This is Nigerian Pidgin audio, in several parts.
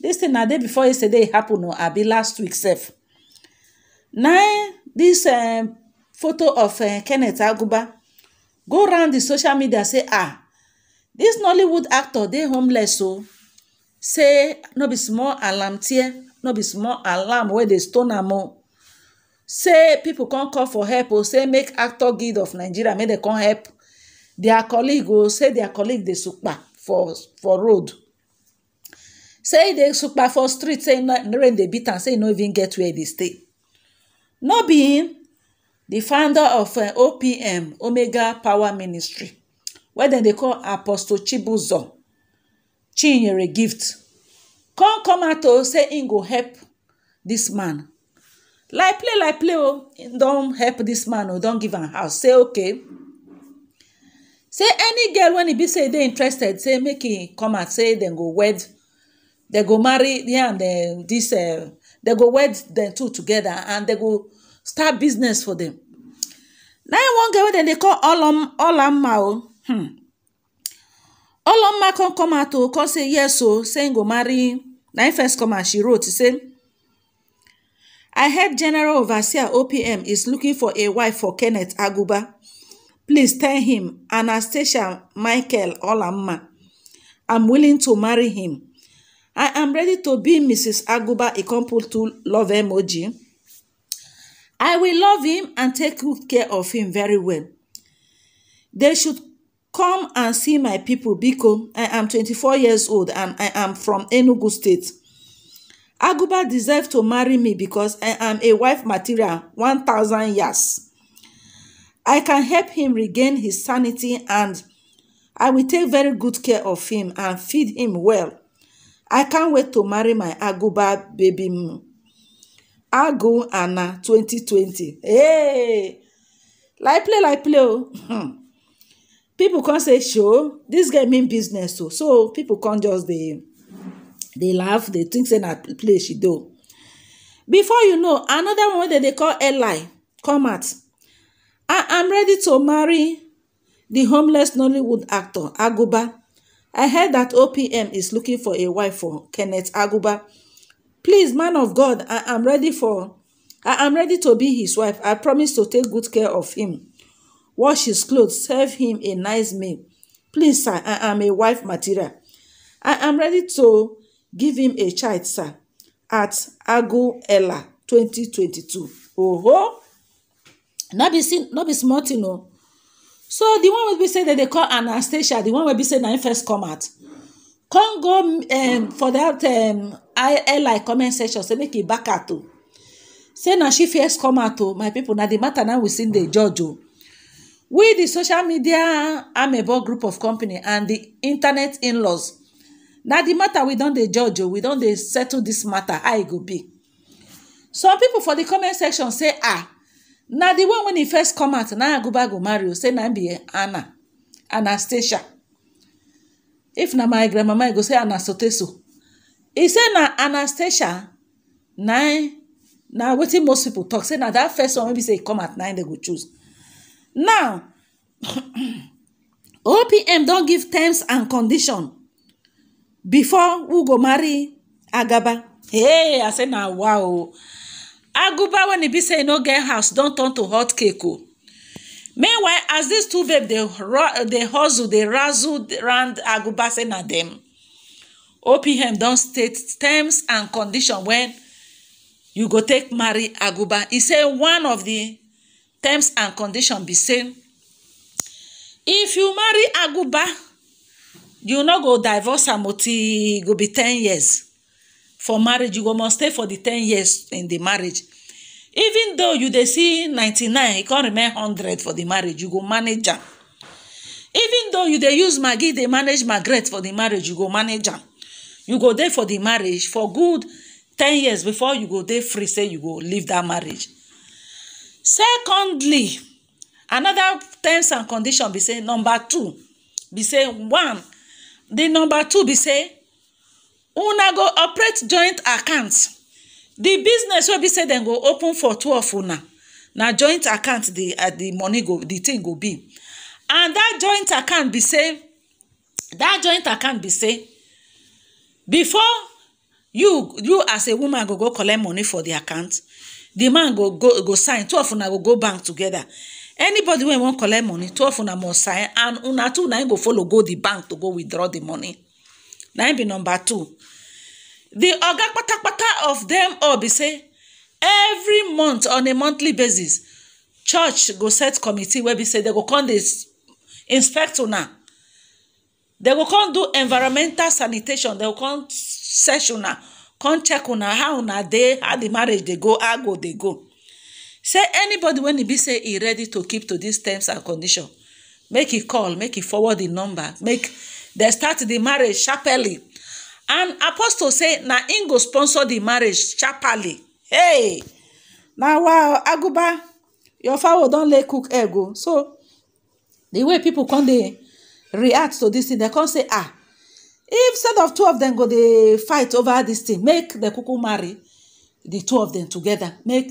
This thing na day before yesterday e happen o abi last week sef na dis eh, photo of eh, kenneth aguba go round the social media say ah this nollywood actor dey homeless o oh. say no be small alarm tear no be small alarm wey dey stone am o oh. say pipo come call for help o oh. say make actor guild of nigeria make dem come help dia colleague o say dia colleague dey supa for for road say e dey super for street say e rain dey beat am say e no even get wia e dey stay no be im di founder of eh, opm omega power ministry wey dem dey call apostle chibuzo chinyere gift come out to say im e go help dis man like play like play o e don help dis man o don give am house say ok say any girl wen e be say e dey interested say make e out say dem go wed. They go marry yeah, dem this uh, dem go wed them two together and they go start business for them. Now one girl wey they call olam olamma o hmm. olamma come come out o come say yes o say go marry Now first come out she wrote say i heard general overseer opm is looking for a wife for kenneth aguba please tell him anastasia michael olamma i'm willing to marry him I am ready to be Mrs. Aguba Ikompu to love emoji. I will love him and take good care of him very well. They should come and see my people Biko. I am 24 years old and I am from Enugu State. Aguba deserves to marry me because I am a wife material 1,000 years. I can help him regain his sanity and I will take very good care of him and feed him well. I can't wait to marry my Aguba baby mu. Agu Anna 2020. Hey! Like play, like play. Oh. people can't say, show, this guy mean business. So, so people can't just, they, they laugh, they think, say, not play she do. Before you know, another one that they call Eli, come at. I am ready to marry the homeless Nollywood actor, Aguba. I heard that OPM is looking for a wife for Kenneth Aguba. Please, man of God, I am ready for I am ready to be his wife. I promise to take good care of him. Wash his clothes, serve him a nice meal. Please, sir, I am a wife material. I am ready to give him a child, sir, at Agu Ella 2022. Oh, ho! Not be, not be smart, you oh. know. so the one wey be say dem dey call anastasia The one wey be say na im first come out come go um, for that um, li comment section say make e back out o say na she first come out o my people. na the matter now we still dey judge o we the social media amebo group of company and the internet in-laws na the matter we don dey judge o we don dey settle this matter how e go be some people for the comment section say ah na di one wen e first come out na aguba go mario say na im be anna anastasia if na my grandmama e go say anasotesu e say na anastasia na na wetin most pipo tok say na dat first one wey be say come out na im dey go choose now opm don give terms and condition before who go marry agaba hey i say na wow aguba when e be say no get house don't turn to hot cake o meanwhile as these two babe dey hustle dey razzle round aguba say na dem opm Don't state terms and condition when you go take marry aguba He said one of the terms and condition be say if you marry aguba you no go divorce am until e go be ten years for marriage you go must stay for the ten years in the marriage even though you dey see ninety nine, e con remain hundred for the marriage you go manage am even though you dey use maggi dey manage margaret for the marriage you go manage am you go dey for the marriage for good ten years before you go dey free say you go leave that marriage secondly another terms and condition be say number two be say one the number two be say una go operate joint account the business will be said dem go open for two of una na joint account the uh, the money go the thing go be and that joint account be say that joint account be say before you you as a woman go go collect money for the account the man go go go sign two of una go go bank together anybody when wan collect money two of una must sign and una two nine go follow go the bank to go withdraw the money na im be number two the oga patapata of them all be say every month on a monthly basis church go set committee wey be say they go come dey inspect una dem go come do environmental sanitation They go come search una come check una how una dey how the marriage dey go how go dey go say anybody when e be say e ready to keep to these terms and condition make e call make e forward the number make dem start the marriage sharply and apostle say na im go sponsor the marriage sharply hey na wow aguba your fowl don lay cook egg o so the way people come dey react to this thing dem come say ah if instead of two of them go dey fight over this thing make the kuku marry the two of them together make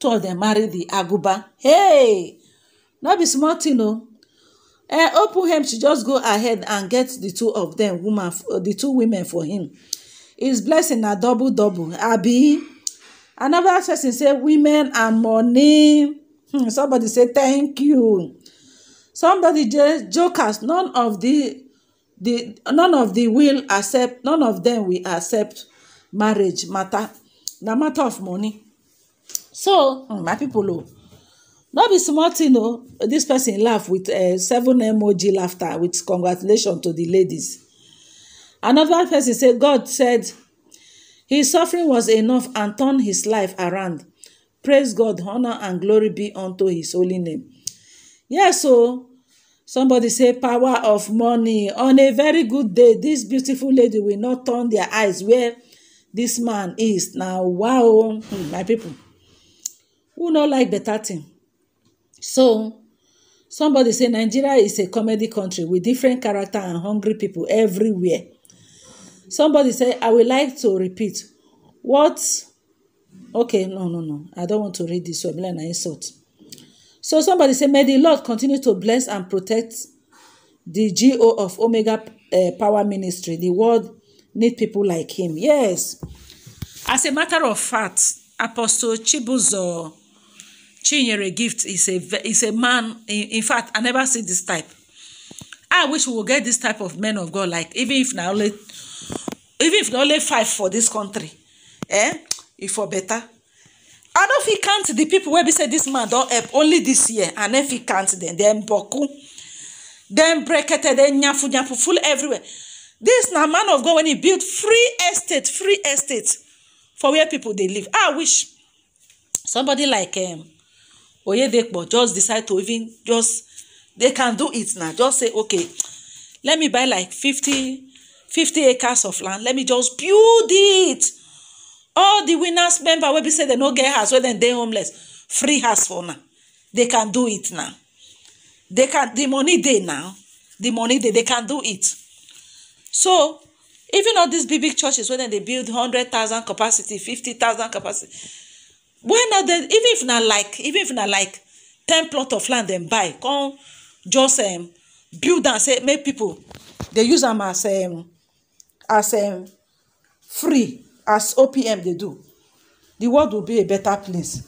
two of them marry the aguba hey no be small thing o uh, open him she just go ahead and get the two of them woman uh, the two women for him his blessing na double double abi another person say women and money hmm, somebody say thank you somebody just jokers none of the the none of the will accept none of them will accept marriage matter na matter of money so hmm, my people o. Oh, Not be small thing know. This person laugh with eh, seven emoji laughter with congratulation to the ladies another person say god said his suffering was enough and turned his life around praise god honor and glory be unto his holy name yes so somebody say power of money on a very good day This beautiful lady will not turn their eyes where this man is now. wow hmm, my people, who not like beta thing. So somebody say Nigeria is a comedy country with different character and hungry people everywhere. Somebody say I would like to repeat what okay no no no I don't want to read this one like an insult. So somebody say may the Lord continue to bless and protect the GO of Omega uh, Power Ministry. The world need people like him. Yes. As a matter of fact, Apostle Chibuzo Chinyere Gift is a is a man. In, in fact, I never see this type. I wish we will get this type of men of God. Like even if now only, even if only five for this country, eh? If for better. I don't can count the people where we say this man don't help only this year. And if he count them, then boku, then brekete, then nyafu nyafu, full everywhere. This now man of God when he built free estate, free estate for where people they live. I wish somebody like um, oyedepo just decide to even just they can do it now just say okay let me buy like fifty fifty acres of land let me just build it all the winners member wey be say they no get house wey dem dey homeless free house for now they can do it now they can the money they now the money they they can do it so even all these big big churches wey they build hundred thousand capacity fifty thousand capacity when na dem even if na like even if na like ten plot of land dem buy come just um, build am say make people dey use am as um, as um, free as opm dey do the world will be a better place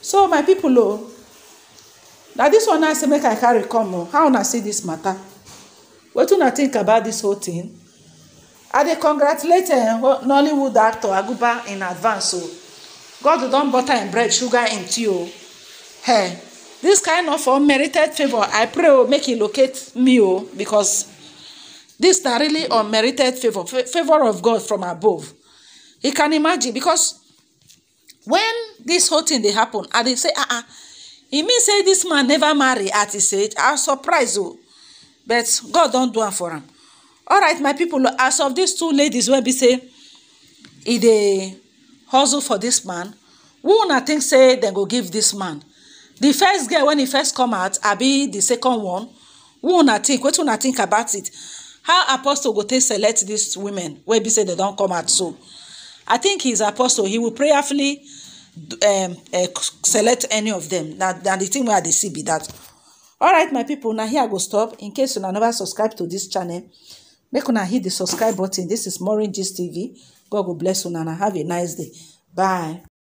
so my people, o na this one i say make i carry come o how una see dis mata wetin una think about this whole thing i dey congratulate um, nollywood actor aguba in advance o. god don't butter and bread sugar im tea hey this kind of unmerited favour i pray will oh, make e locate me o oh, because this na really unmerited favour favour of god from above you can imagine because when this whole thing they happen i they say ah ah e mean say this man never marry at his age i surprised, o oh, but god don't do it for him. alright my people as of these two ladies wey be say e dey hustle for this man who na think say they go give this man The first girl when he first come out I be the second one who na think wetin na think about it how apostle go take select these women wey be say they don't come out so i think he's apostle he will prayerfully um, uh, select any of them. na na the thing wey i dey see be that. All right, my people. Now here i go stop in case you never subscribe to this channel make una hit the subscribe button This is Maureen G's tv God will bless you and have a nice day. Bye.